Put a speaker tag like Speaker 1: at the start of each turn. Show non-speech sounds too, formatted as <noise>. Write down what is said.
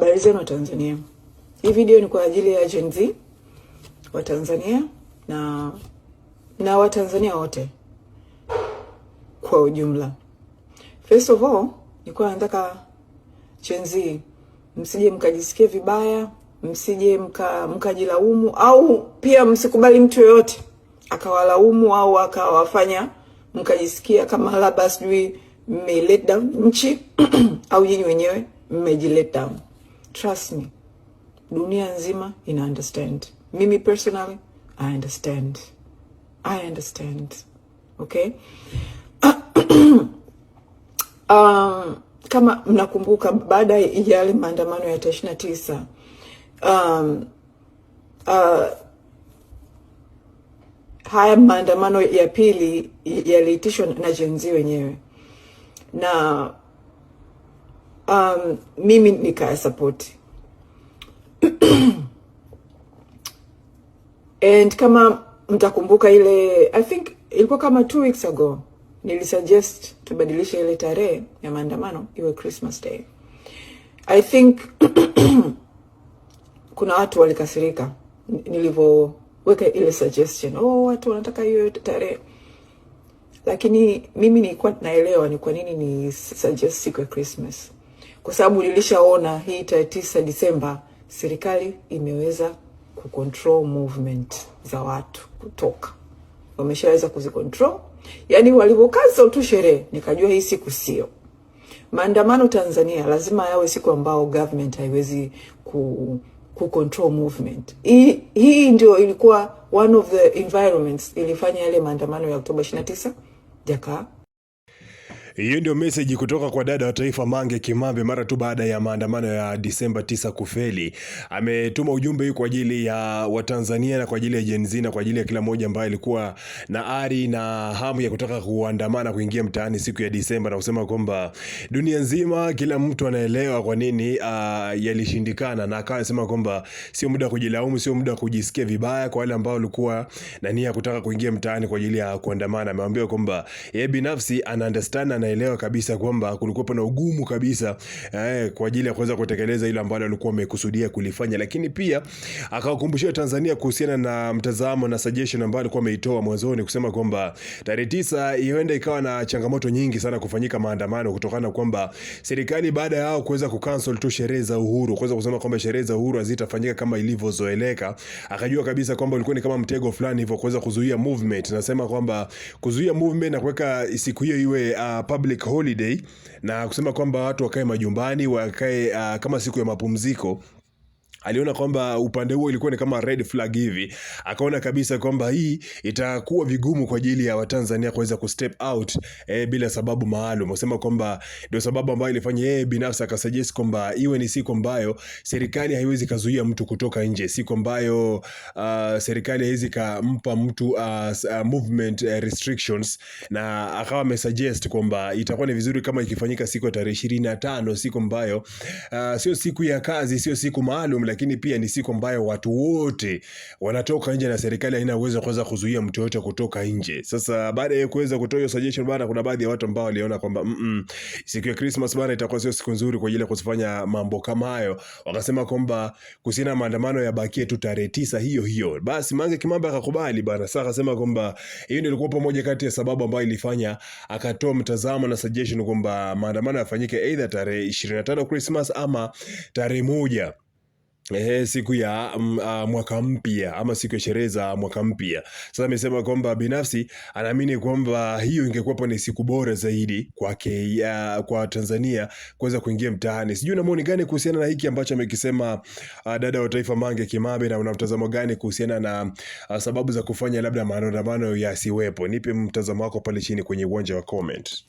Speaker 1: Habari zenu wa Tanzania. Hii video ni kwa ajili ya Gen Z wa Tanzania na na Watanzania wote kwa ujumla. First of all, nilikuwa nataka Gen Z msije mkajisikie vibaya, msije mka, mkajilaumu au pia msikubali mtu yoyote akawalaumu au akawafanya mkajisikia kama labda sijui mme nchi <clears throat> au nyinyi wenyewe mmeji Trust me, dunia nzima ina understand. Mimi personally I understand, I understand okay. <clears throat> Um, kama mnakumbuka baada ya yale maandamano ya tarehe ishirini tisa um, uh, haya maandamano ya pili yaliitishwa na jenzi wenyewe na um, mimi nikayasapoti <clears throat> and kama mtakumbuka ile I think ilikuwa kama two weeks ago nilisuggest tubadilishe ile tarehe ya maandamano iwe Christmas Day. I think <clears throat> kuna watu walikasirika nilivyoweka ile suggestion, oh, watu wanataka hiyo tarehe, lakini mimi nilikuwa naelewa ni kwa nini ni suggest siku ya Christmas kwa sababu nilishaona hii tarehe tisa Disemba serikali imeweza kucontrol movement za watu kutoka, wameshaweza kuzicontrol. Yani walivyokaza tu sherehe, nikajua hii siku sio maandamano. Tanzania lazima yawe siku ambao government haiwezi ku ku control movement. Hii hii ndio ilikuwa one of the environments ilifanya yale maandamano ya Oktoba 29 jaka
Speaker 2: hiyo ndio message kutoka kwa dada wa taifa Mange Kimambe mara tu baada ya maandamano ya Disemba 9 kufeli. Ametuma ujumbe huu kwa ajili ya Watanzania na kwa ajili ya Gen Z na kwa ajili ya kila mmoja ambaye alikuwa na ari na hamu ya kutaka kuandamana kuingia mtaani siku ya Disemba, na kusema kwamba dunia nzima kila mtu anaelewa kwa nini uh, yalishindikana, na akasema kwamba sio muda wa kujilaumu, sio muda wa kujisikia vibaya kwa wale ambao walikuwa na nia kutaka kuingia mtaani kwa ajili ya kuandamana. Ameambia kwamba yeye binafsi ana understand na anaelewa kabisa kwamba kulikuwa na ugumu kabisa eh, kwa ajili ya kuweza kutekeleza ile ambalo alikuwa amekusudia kulifanya, lakini pia akawakumbushia Tanzania kuhusiana na mtazamo na suggestion ambayo alikuwa ameitoa mwanzoni kusema kwamba tarehe tisa ienda ikawa na changamoto nyingi sana kufanyika maandamano kutokana kwamba serikali baada yao kuweza kucancel tu sherehe za uhuru, kuweza kusema kwamba sherehe za uhuru hazitafanyika kama ilivyozoeleka, akajua kabisa kwamba ulikuwa ni kama mtego fulani hivyo kuweza kuzuia movement. Nasema kwamba kuzuia movement na kuweka siku hiyo iwe uh, public holiday na kusema kwamba watu wakae majumbani, wakae uh, kama siku ya mapumziko aliona kwamba upande huo ilikuwa ni kama red flag hivi, akaona kabisa kwamba hii itakuwa vigumu kwa ajili ya Watanzania kuweza ku step out e, bila sababu maalum. Wasema kwamba ndio sababu ambayo ilifanya yeye binafsi akasuggest kwamba iwe ni siku ambayo serikali haiwezi kazuia mtu kutoka nje, siku ambayo uh, serikali haiwezi kampa mtu uh, uh, movement uh, restrictions, na akawa amesuggest kwamba itakuwa ni vizuri kama ikifanyika siku ya tarehe 25, siku ambayo uh, sio siku ya kazi, sio siku maalum lakini pia ni siku ambayo watu wote wanatoka nje na serikali haina uwezo wa kuweza kuzuia mtu yote kutoka nje. Sasa baada ya kuweza kutoa hiyo suggestion bana, kuna baadhi ya watu ambao waliona kwamba mm -mm, siku ya Christmas bana itakuwa sio siku nzuri kwa ajili ya kufanya mambo kama hayo, wakasema kwamba kusina maandamano yabakie tu tarehe tisa hiyo hiyo. Basi Mange Kimambe akakubali bana. Sasa akasema kwamba hiyo ndio ilikuwa pamoja kati ya sababu ambayo ilifanya akatoa mtazamo na suggestion kwamba maandamano yafanyike either tarehe 25 Christmas ama tarehe moja Ehe, siku ya m, mm, a, ah, mwaka mpya ama siku ya sherehe za mwaka mpya. Sasa amesema kwamba binafsi anaamini kwamba hiyo ingekuwapo ni siku bora zaidi kwake kwa Tanzania kuweza kuingia mtaani. Sijui na maoni gani kuhusiana na hiki ambacho amekisema a, ah, dada wa taifa Mange Kimambe, na una mtazamo gani kuhusiana na a, ah, sababu za kufanya labda maandamano yasiwepo? Nipe mtazamo wako pale chini kwenye uwanja wa comment.